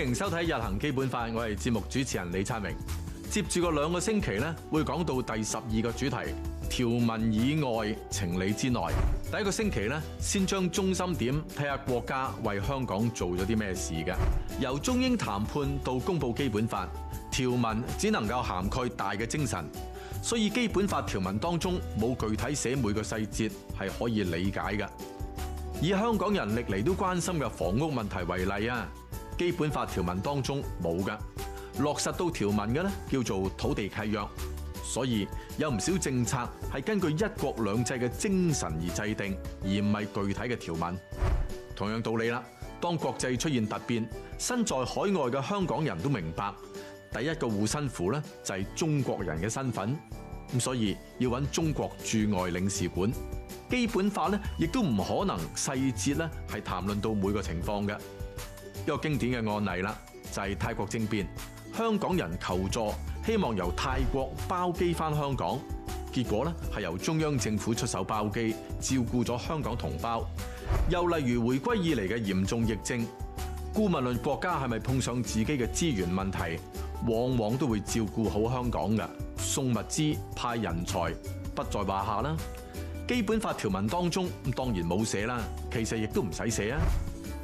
歡迎收睇《日行基本法》，我係節目主持人李燦榮。接住個兩個星期咧，會講到第十二個主題：條文以外，情理之內。第一個星期咧，先將中心點睇下國家為香港做咗啲咩事嘅。由中英談判到公布基本法，條文只能夠涵蓋大嘅精神，所以基本法條文當中冇具體寫每個細節，係可以理解嘅。以香港人歷嚟都關心嘅房屋問題為例啊。基本法條文當中冇嘅，落實到條文嘅咧叫做土地契約，所以有唔少政策係根據一國兩制嘅精神而制定，而唔係具體嘅條文。同樣道理啦，當國際出現突變，身在海外嘅香港人都明白，第一個護身符咧就係中國人嘅身份，咁所以要搵中國駐外領事館。基本法咧亦都唔可能細節咧係談論到每個情況嘅。一個經典嘅案例啦，就係泰國政變，香港人求助，希望由泰國包機返香港，結果咧係由中央政府出手包機，照顧咗香港同胞。又例如回歸以嚟嘅嚴重疫症，顧問論國家係咪碰上自己嘅資源問題，往往都會照顧好香港嘅，送物資、派人才，不在話下啦。基本法條文當中當然冇寫啦，其實亦都唔使寫啊。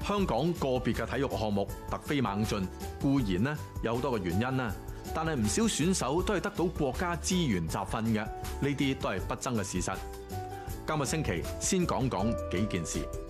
香港個別嘅體育項目突飛猛進，固然咧有好多嘅原因啦，但係唔少選手都係得到國家資源集訓嘅，呢啲都係不爭嘅事實。今個星期先講講幾件事。